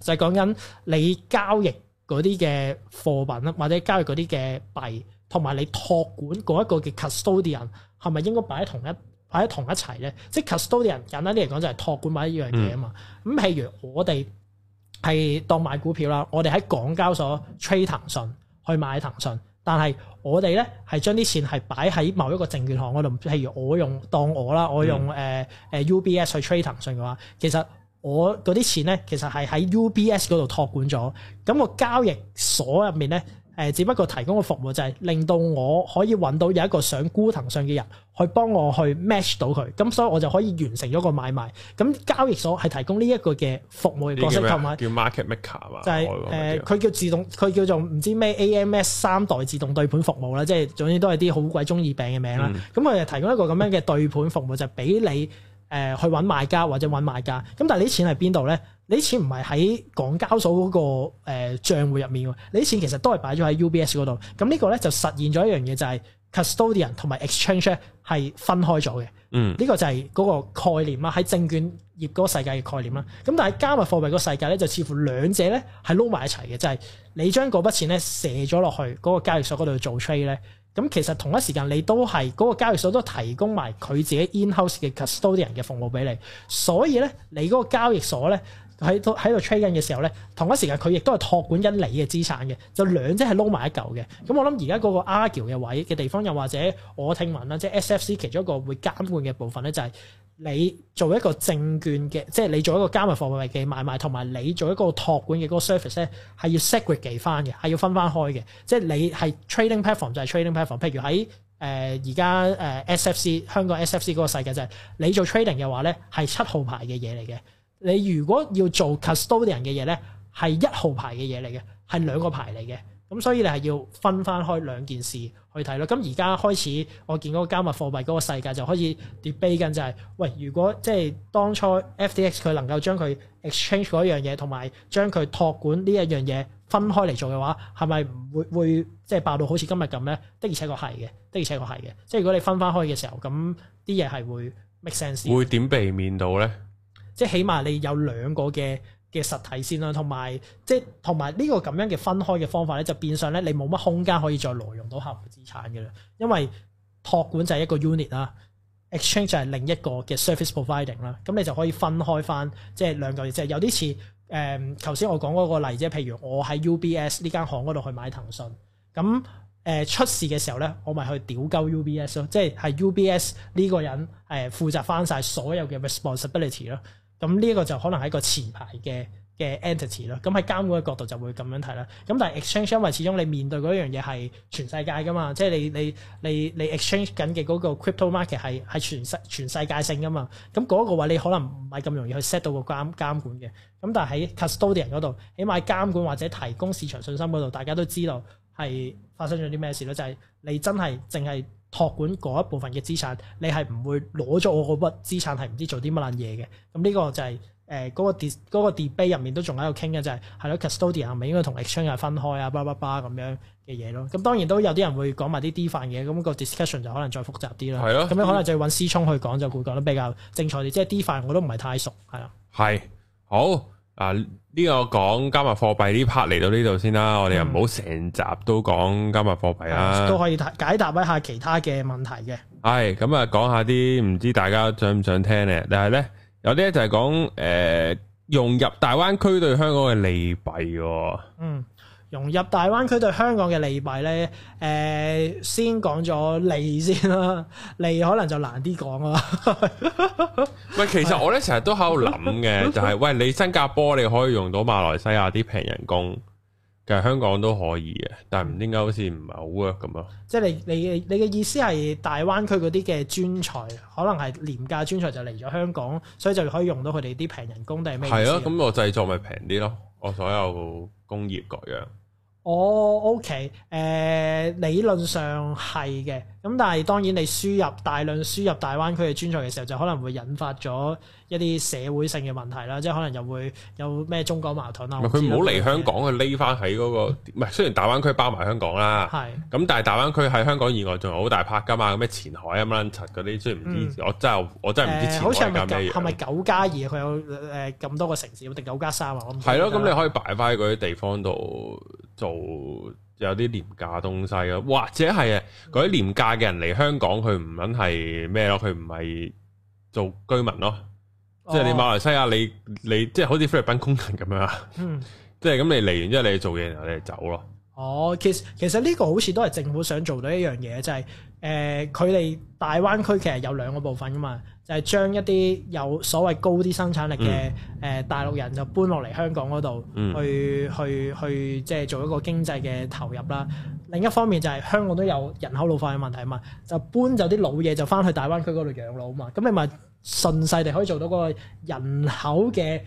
就係、是、講緊你交易嗰啲嘅貨品或者交易嗰啲嘅幣，同埋你託管嗰一個嘅 custodian 係咪應該擺喺同一擺喺同一齊咧？即、就是、custodian 簡單啲嚟講就係託管買一樣嘢啊嘛。咁、嗯、譬如我哋係當買股票啦，我哋喺港交所 trade 騰訊去買騰訊。但係我哋咧係將啲錢係擺喺某一個證券行嗰度，譬如我用當我啦，我用誒誒、呃、UBS 去 trade 騰訊嘅話，其實我嗰啲錢咧其實係喺 UBS 嗰度託管咗，咁個交易所入面咧。誒，只不過提供嘅服務就係令到我可以揾到有一個想沽騰上嘅人，去幫我去 match 到佢，咁所以我就可以完成咗個買賣。咁交易所係提供呢一個嘅服務嘅角色購物？叫，買叫 market maker 就係、是、誒，佢叫，叫自動，佢叫做唔知咩 AMS 三代自動對盤服務啦，即係總之都係啲好鬼中意病嘅名啦。咁佢就提供一個咁樣嘅對盤服務，就俾、是、你。誒去揾買家或者揾賣家，咁但係你啲錢喺邊度咧？你啲錢唔係喺港交所嗰、那個誒賬戶入面㗎，你啲錢其實都係擺咗喺 UBS 嗰度。咁呢個咧就實現咗一樣嘢，就係、是、custodian 同埋 exchange 係分開咗嘅。嗯，呢個就係嗰個概念啦，喺證券業嗰個世界嘅概念啦。咁但係加密貨幣嗰世界咧，就似乎兩者咧係撈埋一齊嘅，就係、是、你將嗰筆錢咧射咗落去嗰個交易所嗰度做 trade 咧。咁其實同一時間你都係嗰、那個交易所都提供埋佢自己 in-house 嘅 custodian 嘅服務俾你，所以咧你嗰個交易所咧喺喺度 trading 嘅時候咧，同一時間佢亦都係託管緊你嘅資產嘅，就兩者係撈埋一嚿嘅。咁、嗯、我諗而家嗰個 argue 嘅位嘅地方，又或者我聽聞啦，即係 SFC 其中一個會監管嘅部分咧、就是，就係。你做一個證券嘅，即係你做一個加密貨幣嘅買賣，同埋你做一個託管嘅嗰個 service 咧，係要 segregated 翻嘅，係要分翻開嘅。即係你係 trading platform 就係 trading platform，譬如喺誒而家誒 SFC 香港 SFC 嗰個世界就係、是、你做 trading 嘅話咧，係七號牌嘅嘢嚟嘅。你如果要做 custodian 嘅嘢咧，係一號牌嘅嘢嚟嘅，係兩個牌嚟嘅。咁所以你係要分翻開兩件事去睇咯。咁而家開始，我見嗰個加密貨幣嗰個世界就開始跌碑緊，就係喂，如果即係當初 FTX 佢能夠將佢 exchange 嗰樣嘢同埋將佢託管呢一樣嘢分開嚟做嘅話，係咪唔會會即係爆到好似今日咁咧？的而且確係嘅，的而且確係嘅。即係如果你分翻開嘅時候，咁啲嘢係會 make sense。會點避免到咧？即係起碼你有兩個嘅嘅實體先啦，同埋即係同埋呢個咁樣嘅分開嘅方法咧，就變相咧你冇乜空間可以再挪用到客戶資產嘅啦，因為託管就係一個 unit 啦，exchange 就係另一個嘅 service providing 啦，咁你就可以分開翻即係兩樣嘢，即係有啲似誒頭先我講嗰個例啫，譬如我喺 UBS 呢間行嗰度去買騰訊，咁誒、呃、出事嘅時候咧，我咪去屌鳩 UBS 咯，即係係 UBS 呢個人誒、呃、負責翻晒所有嘅 responsibility 咯。咁呢一個就可能係一個持牌嘅嘅 entity 啦，咁喺監管嘅角度就會咁樣睇啦。咁但係 exchange 因為始終你面對嗰樣嘢係全世界噶嘛，即係你你你你 exchange 緊嘅嗰個 crypto market 係係全世全世界性噶嘛。咁嗰一個話你可能唔係咁容易去 set 到個監監管嘅。咁但係喺 custodian 嗰度，起碼監管或者提供市場信心嗰度，大家都知道係發生咗啲咩事咯，就係、是、你真係淨係。託管嗰一部分嘅資產，你係唔會攞咗我嗰筆資產係唔知做啲乜撚嘢嘅。咁呢個就係誒嗰個 de 嗰個 debate 入面都仲喺度傾嘅就係、是、係咯 custodian 係咪應該同 exchange 分開啊？叭叭叭咁樣嘅嘢咯。咁當然都有啲人會講埋啲 defi 嘅，咁、那個 discussion 就可能再複雜啲啦。係咯的，咁樣可能就要揾思聰去講就會講得比較正確啲。即、就、係、是、defi 我都唔係太熟，係啦。係好。啊！呢、這個講加密貨幣呢 part 嚟到呢度先啦、啊，嗯、我哋又唔好成集都講加密貨幣啦，都可以解答一下其他嘅問題嘅。係咁啊，講下啲唔知大家想唔想聽嘅、啊？但係咧有啲咧就係講誒融入大灣區對香港嘅利弊嘅、啊。嗯。融入大灣區對香港嘅利弊咧，誒、呃、先講咗利先啦，利可能就難啲講啊。喂，其實我咧成日都喺度諗嘅，就係喂你新加坡你可以用到馬來西亞啲平人工，其實香港都可以嘅，但唔知點解好似唔係好 work 咁啊。即係你你你嘅意思係大灣區嗰啲嘅專才，可能係廉價專才就嚟咗香港，所以就可以用到佢哋啲平人工定係咩？係咯，咁、啊、我製作咪平啲咯，我所有工業各樣。我、oh, OK，誒、uh, 理論上係嘅。咁但係當然你輸入大量輸入大灣區嘅專才嘅時候，就可能會引發咗一啲社會性嘅問題啦，即係可能又會有咩中國矛盾啊，佢唔好嚟香港，佢匿翻喺嗰個，唔係雖然大灣區包埋香港啦，係咁的，但係大灣區喺香港以外仲有好大拍 a 㗎嘛？咩前海、乜撚嗰啲，雖然唔知、嗯我，我真係我真係唔知前海係咩嘢。好係咪九加二？佢有誒咁多個城市，定九加三啊？係咯，咁的的你可以擺翻喺嗰啲地方度做。有啲廉價東西咯，或者係啊，嗰啲廉價嘅人嚟香港，佢唔肯係咩咯？佢唔係做居民咯，哦、即係你馬來西亞你你即係好似菲律賓工人咁樣啊，嗯、即係咁你嚟完之後你做嘢然後你嚟走咯。哦，其實其實呢個好似都係政府想做到一樣嘢，就係、是。誒，佢哋大灣區其實有兩個部分噶嘛，就係、是、將一啲有所謂高啲生產力嘅誒大陸人就搬落嚟香港嗰度、嗯，去去去即係做一個經濟嘅投入啦。另一方面就係香港都有人口老化嘅問題啊嘛，就搬走啲老嘢就返去大灣區嗰度養老啊嘛。咁你咪順勢地可以做到嗰個人口嘅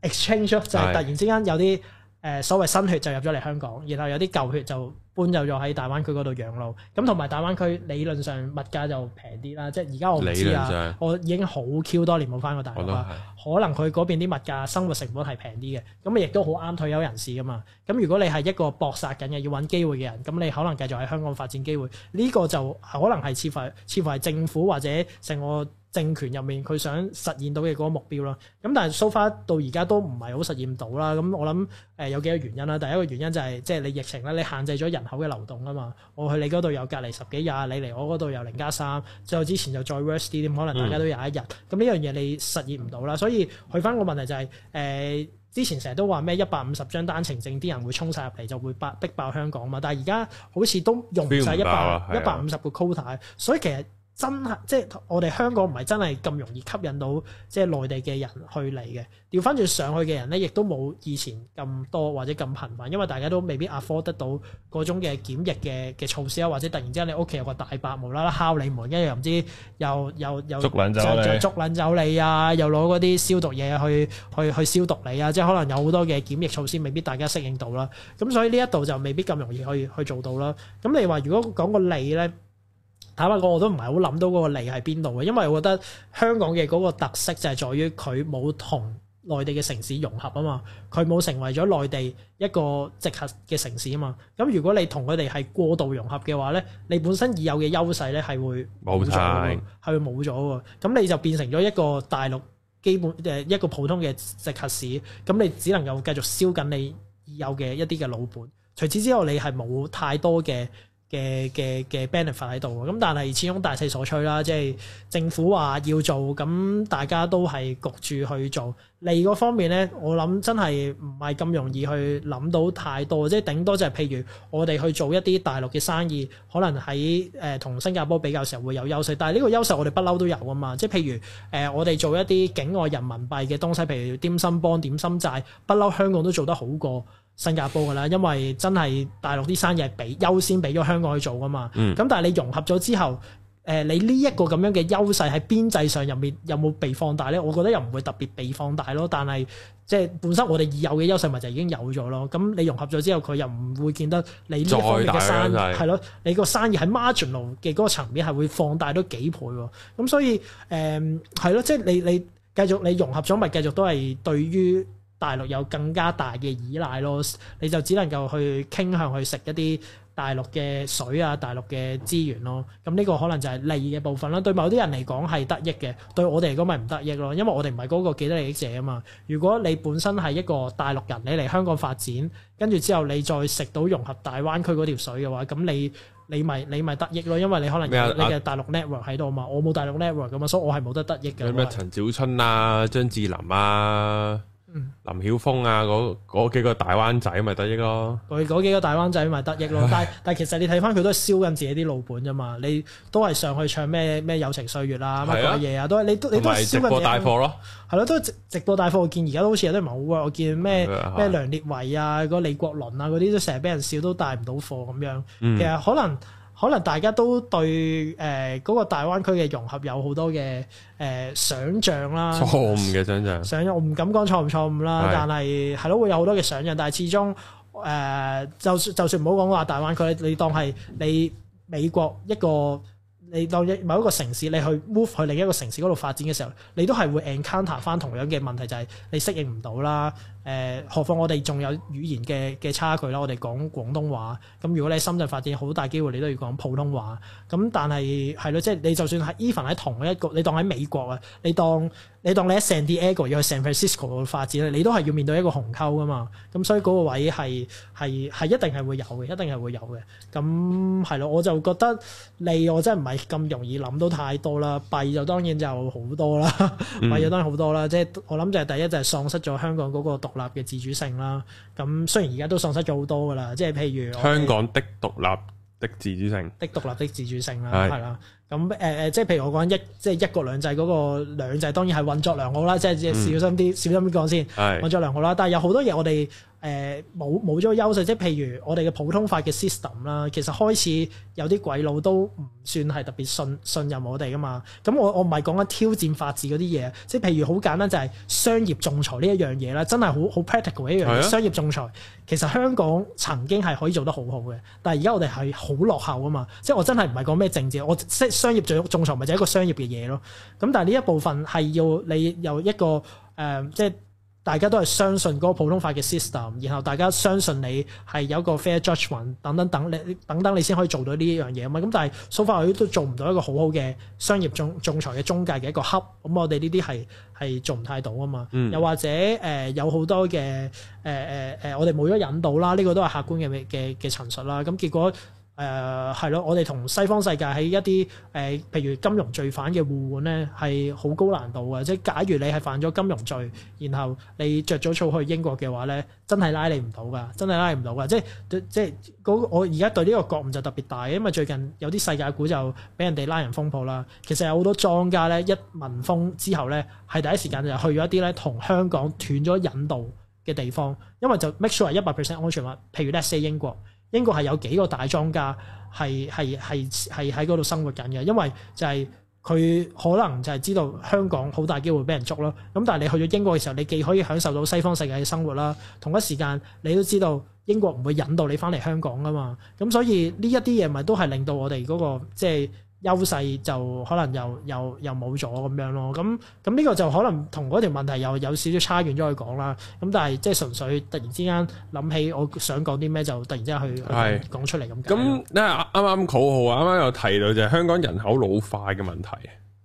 exchange，咯，就係、是、突然之間有啲誒、呃、所謂新血就入咗嚟香港，然後有啲舊血就。搬就咗喺大灣區嗰度養老，咁同埋大灣區理論上物價就平啲啦。即係而家我唔知啊，我已經好 Q 多年冇翻過大陸啦。可能佢嗰邊啲物價、生活成本係平啲嘅，咁亦都好啱退休人士噶嘛。咁如果你係一個搏殺緊嘅，要揾機會嘅人，咁你可能繼續喺香港發展機會。呢個就可能係似乎、似乎係政府或者成個政權入面佢想實現到嘅嗰個目標啦。咁但係 so far 到而家都唔係好實現到啦。咁我諗誒有幾個原因啦。第一個原因就係即係你疫情咧，你限制咗人。口嘅流動啊嘛，我去你嗰度又隔離十幾日，你嚟我嗰度又零加三，再之前就再 worse 啲，點可能大家都有一日，咁呢、嗯、樣嘢你實現唔到啦，所以佢翻個問題就係、是，誒、呃、之前成日都話咩一百五十張單程證啲人會衝晒入嚟就會逼爆香港嘛，但係而家好似都用晒一百一百五十個 quota，是、啊、所以其實。真係即係我哋香港唔係真係咁容易吸引到即係內地嘅人去嚟嘅。調翻轉上去嘅人咧，亦都冇以前咁多或者咁頻繁，因為大家都未必 afford 得到嗰種嘅檢疫嘅嘅措施啊，或者突然之間你屋企有個大白無啦啦敲你門，跟住又唔知又又又捉撚走你，捉撚走你啊！又攞嗰啲消毒嘢去去去消毒你啊！即係可能有好多嘅檢疫措施，未必大家適應到啦。咁所以呢一度就未必咁容易去去做到啦。咁你話如果講個利咧？坦白講，我都唔係好諗到嗰個利喺邊度嘅，因為我覺得香港嘅嗰個特色就係在於佢冇同內地嘅城市融合啊嘛，佢冇成為咗內地一個直轄嘅城市啊嘛。咁如果你同佢哋係過度融合嘅話呢，你本身已有嘅優勢呢係會冇晒，係錯會冇咗喎。咁你就變成咗一個大陸基本誒一個普通嘅直轄市，咁你只能夠繼續燒緊你已有嘅一啲嘅老本，除此之外你係冇太多嘅。嘅嘅嘅 benefit 喺度啊，咁但係始終大勢所趨啦，即係政府話要做，咁大家都係焗住去做。另一個方面咧，我諗真係唔係咁容易去諗到太多，即係頂多就係譬如我哋去做一啲大陸嘅生意，可能喺誒同新加坡比較時候會有優勢，但係呢個優勢我哋不嬲都有啊嘛，即係譬如誒、呃、我哋做一啲境外人民幣嘅東西，譬如點心幫、點心債，不嬲香港都做得好過，新加坡㗎啦，因為真係大陸啲生意係俾優先俾咗香港去做㗎嘛。咁、嗯、但係你融合咗之後，誒你呢一個咁樣嘅優勢喺邊際上入面有冇被放大咧？我覺得又唔會特別被放大咯。但係即係本身我哋已有嘅優勢咪就已經有咗咯。咁你融合咗之後，佢又唔會見得你呢方面嘅生意係咯，你個生意喺 marginal 嘅嗰個層面係會放大多幾倍喎。咁所以誒係咯，即係你你繼續你融合咗，咪繼續都係對於。大陸有更加大嘅依賴咯，你就只能夠去傾向去食一啲大陸嘅水啊，大陸嘅資源咯。咁呢個可能就係利益嘅部分啦。對某啲人嚟講係得益嘅，對我哋嚟講咪唔得益咯，因為我哋唔係嗰個幾多利益者啊嘛。如果你本身係一個大陸人，你嚟香港發展，跟住之後你再食到融合大灣區嗰條水嘅話，咁你你咪你咪得益咯，因為你可能有你嘅大陸 network 喺度啊嘛。我冇大陸 network 噉嘛，所以我係冇得得益嘅。咩、啊、是陳小春啊，張智霖啊？嗯，林曉峰啊，嗰嗰幾個大灣仔咪得益咯，嗰幾個大灣仔咪得益咯，唉但但其實你睇返佢都係燒緊自己啲老本啫嘛，你都係上去唱咩咩友情歲月啊，乜鬼嘢啊，都你都你都燒緊嘢，係咯，都直直播帶貨，我見而家都好似都唔係好 work 我見咩咩梁烈唯啊，嗰、嗰個、李國麟啊，嗰啲都成日俾人笑，都帶唔到貨咁樣，嗯、其實可能。可能大家都對誒嗰個大灣區嘅融合有好多嘅誒想像啦，錯誤嘅想像。想像我唔敢講錯唔錯誤啦，的但係係咯，會有好多嘅想像。但係始終誒，就算就算唔好講話大灣區，你，你當係你美國一個，你當某一個城市，你去 move 去另一個城市嗰度發展嘅時候，你都係會 encounter 翻同樣嘅問題，就係你適應唔到啦。誒，何況我哋仲有語言嘅嘅差距啦，我哋講廣東話，咁如果你喺深圳發展，好大機會你都要講普通話。咁但係係咯，即係、就是、你就算係 even 喺同一一個你當喺美國啊，你當你當你喺 San Diego 要去 San Francisco 發展你都係要面對一個鴻溝噶嘛。咁所以嗰個位係係係一定係會有嘅，一定係會有嘅。咁係咯，我就覺得利我真係唔係咁容易諗到太多啦，弊就當然就好多啦，弊 就當然好多啦。嗯、即係我諗就係第一就係、是、喪失咗香港嗰個獨立嘅自主性啦，咁雖然而家都喪失咗好多噶啦，即係譬如香港的獨立的自主性的獨立的自主性啦，係啦是。咁誒誒，即係譬如我講一即係一國兩制嗰個兩制，當然係運作良好啦，即係即係小心啲，小心啲講先，運作良好啦。但係有好多嘢我哋誒冇冇咗優勢，即係譬如我哋嘅普通法嘅 system 啦，其實開始有啲鬼佬都唔算係特別信信任我哋噶嘛。咁我我唔係講緊挑戰法治嗰啲嘢，即係譬如好簡單就係商業仲裁呢一樣嘢啦，真係好好 practical 一樣嘢。商業仲裁其實香港曾經係可以做得好好嘅，但係而家我哋係好落後啊嘛。即係我真係唔係講咩政治，我商業仲仲裁咪就係一個商業嘅嘢咯，咁但係呢一部分係要你有一個誒，即係大家都係相信嗰個普通法嘅 system，然後大家相信你係有一個 fair judgment 等等等，你等等你先可以做到呢一樣嘢啊嘛，咁但係 so far 我都做唔到一個好好嘅商業仲仲裁嘅中介嘅一個 hub，咁我哋呢啲係係做唔太到啊嘛，又或者誒有好多嘅誒誒誒，我哋冇咗引導啦，呢個都係客觀嘅嘅嘅陳述啦，咁結果。誒係咯，我哋同西方世界喺一啲誒，譬如金融罪犯嘅互換咧，係好高難度嘅。即係假如你係犯咗金融罪，然後你著咗草去英國嘅話咧，真係拉你唔到噶，真係拉唔到噶。即係即係嗰我而家對呢個覺悟就特別大，因為最近有啲世界股就俾人哋拉人風暴啦。其實有好多莊家咧，一聞風之後咧，係第一時間就去咗一啲咧同香港斷咗引渡嘅地方，因為就 make sure 係一百 percent 安全嘛。譬如 let’s say 英國。英國係有幾個大莊家係係係係喺嗰度生活緊嘅，因為就係、係、佢可能就係知道香港好大機會俾人捉咯，咁但係你去咗英國嘅時候，你既可以享受到西方世界嘅生活啦，同一時間你都知道英國唔會引導你翻嚟香港㗎嘛，咁所以呢一啲嘢咪都係令到我哋嗰、嗰個即係。即係優勢就可能又又又冇咗咁樣咯，咁咁呢個就可能同嗰條問題又有少少差遠咗去講啦。咁但係即係純粹突然之間諗起我想講啲咩，就突然之間去講是出嚟咁那。咁咧啱啱講好啊，啱啱有提到就係香港人口老化嘅問題。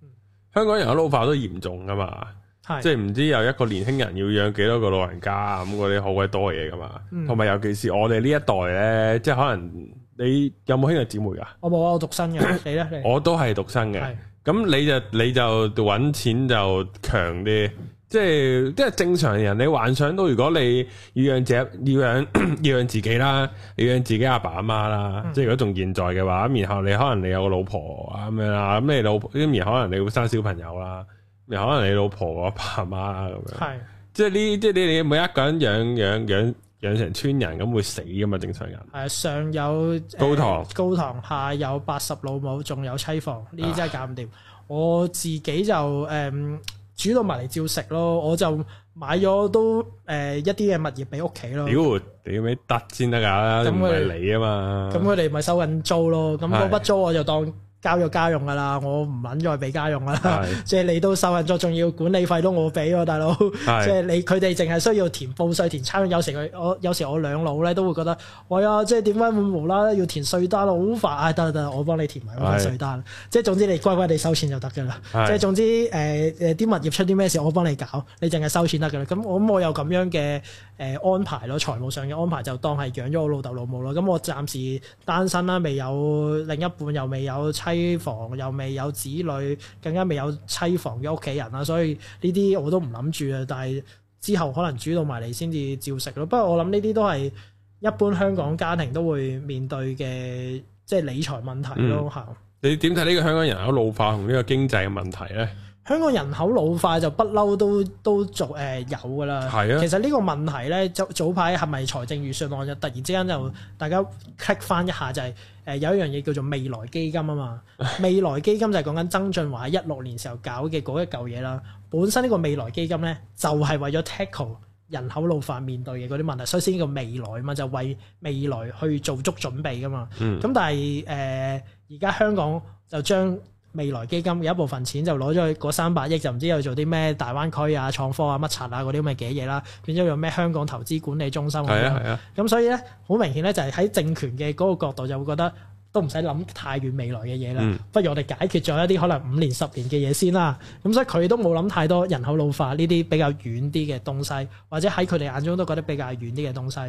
嗯、香港人口老化都嚴重噶嘛，是即係唔知有一個年輕人要養幾多個老人家啊咁，嗰啲好鬼多嘢噶嘛。同埋、嗯、尤其是我哋呢一代咧，即係可能。你有冇兄弟姊妹噶？我冇啊，我獨生嘅。你咧？ 我都係獨生嘅。咁是你就你就搵錢就強啲，即係即係正常人。你幻想到如果你要養只，要養 要養自己啦，要養自己阿爸阿媽啦。嗯、即係如果仲現在嘅話，然後你可能你有個老婆咁樣啦，咁你老婆，跟住可能你會生小朋友啦，又可能你老婆阿爸阿媽啦咁樣。係是，即係呢，即係呢，你每一個人養養養。養養成村人咁會死噶嘛，正常人？係上有高堂，高堂下有八十老母，仲有妻房，呢啲真係搞唔掂。唉我自己就誒、嗯、煮到埋嚟照食咯，我就買咗都誒、呃、一啲嘅物業俾屋企咯。屌屌、哎、你得先得噶，唔係你啊嘛。咁佢哋咪收緊租咯，咁嗰筆租我就當。交咗家用噶啦，我唔肯再俾家用啦。是的 即係你都收唔作，仲要管理費都我俾喎，大佬。是的 即係你佢哋淨係需要填報稅、填差餉，有時佢我有時我兩老咧都會覺得，喂、哎、啊！即係點解會無啦啦要填稅單好煩，哎得得得我幫你填埋嗰份稅單。是的 即係總之你乖乖哋收錢就得噶啦。是的 即係總之誒誒，啲、呃、物業出啲咩事我幫你搞，你淨係收錢得噶啦。咁我咁我有咁樣嘅。嗯嗯嗯嗯嗯嗯誒、呃、安排咯，財務上嘅安排就當係養咗我老豆老母咯。咁我暫時單身啦，未有另一半，又未有妻房，又未有子女，更加未有妻房嘅屋企人啦。所以呢啲我都唔諗住啊。但係之後可能煮到埋嚟先至照食咯。不過我諗呢啲都係一般香港家庭都會面對嘅即係理財問題咯。嚇、嗯！是你點睇呢個香港人口老化同呢個經濟嘅問題呢？香港人口老化就不嬲都都做誒、呃、有噶啦，的其實呢個問題咧，就早排係咪財政預算案就突然之間就大家 click 翻一下，就是，就係誒有一樣嘢叫做未來基金啊嘛， 未來基金就係講緊曾俊華喺一六年時候搞嘅嗰一嚿嘢啦。本身呢個未來基金咧，就係、是、為咗 tackle 人口老化面對嘅嗰啲問題，首先呢個未來嘛，就是、為未來去做足準備噶嘛。咁、嗯、但係誒而家香港就將未來基金有一部分錢就攞咗去嗰三百億，就唔知去做啲咩大灣區啊、創科啊、乜柒啊嗰啲咁嘅嘅嘢啦，變咗用咩香港投資管理中心啊，係啊係啊，咁所以咧好明顯咧就係喺政權嘅嗰個角度就會覺得。都唔使諗太遠未來嘅嘢啦，嗯、不如我哋解決咗一啲可能五年十年嘅嘢先啦。咁所以佢都冇諗太多人口老化呢啲比較遠啲嘅東西，或者喺佢哋眼中都覺得比較遠啲嘅東西。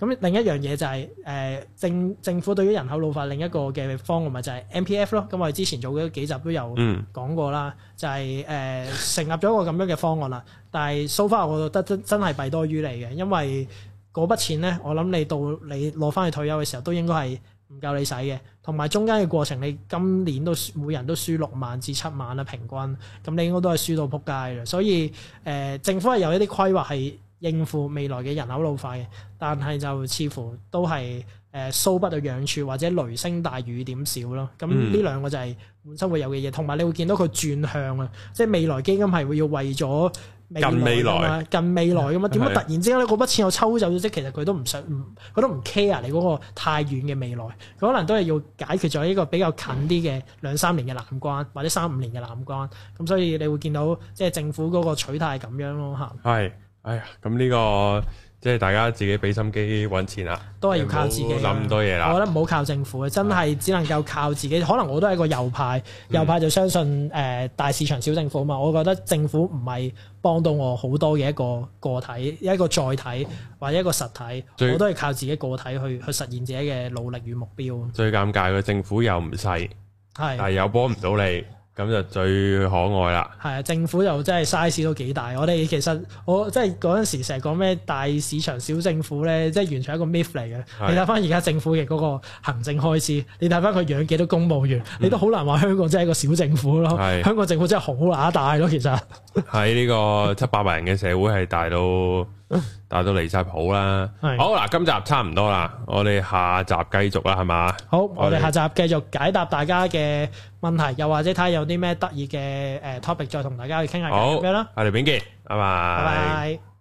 咁另一樣嘢就係誒政政府對於人口老化另一個嘅方案咪就係 MPF 咯。咁我哋之前做嗰幾集都有講過啦，嗯、就係、是、誒、呃、成立咗一個咁樣嘅方案啦。但係 so far 我覺得真真係弊多於利嘅，因為嗰筆錢咧，我諗你到你攞翻去退休嘅時候，都應該係唔夠你使嘅。同埋中間嘅過程，你今年都每人都輸六萬至七萬啦，平均，咁你應該都係輸到撲街嘅。所以誒、呃，政府係有一啲規劃係應付未來嘅人口老化，但係就似乎都係。誒收、呃、不到養處或者雷聲大雨點少咯，咁呢兩個就係本身會有嘅嘢，同埋你會見到佢轉向啊，即係未來基金係會要為咗近未來、近未來咁啊，點解突然之間呢？嗰筆錢又抽走咗？即其實佢都唔想、唔佢都唔 care 你嗰個太遠嘅未來，佢可能都係要解決咗呢個比較近啲嘅兩三年嘅難關或者三五年嘅難關，咁、嗯、所以你會見到即係政府嗰個取態係咁樣咯吓，係，哎呀，咁呢、這個。即係大家自己俾心機揾錢啦，都係要靠自己。諗咁多嘢啦，我覺得唔好靠政府嘅，真係只能夠靠自己。啊、可能我都係個右派，右派就相信誒、呃、大市場小政府嘛。我覺得政府唔係幫到我好多嘅一個個體、一個載體或者一個實體。以我都係靠自己個體去去實現自己嘅努力與目標。最尷尬嘅政府又唔細，係是但係又幫唔到你。咁就最可愛啦！係啊，政府又真係 size 都幾大。我哋其實我即係嗰陣時成日講咩大市場小政府咧，即係完全一個 myth 嚟嘅。是你睇翻而家政府嘅嗰個行政開支，你睇翻佢養幾多公務員，嗯、你都好難話香港真係一個小政府咯。是香港政府真係好乸大咯，其實喺呢、呢個七百萬人嘅社會係大到～ 大家都離晒譜啦，係好嗱是，今集差唔多啦，我哋下集繼續啦，係嘛？好，我哋下集繼續解答大家嘅問題，又或者睇下有啲咩得意嘅誒 topic，再同大家去傾下好，咩啦。下條片見，拜拜。拜拜。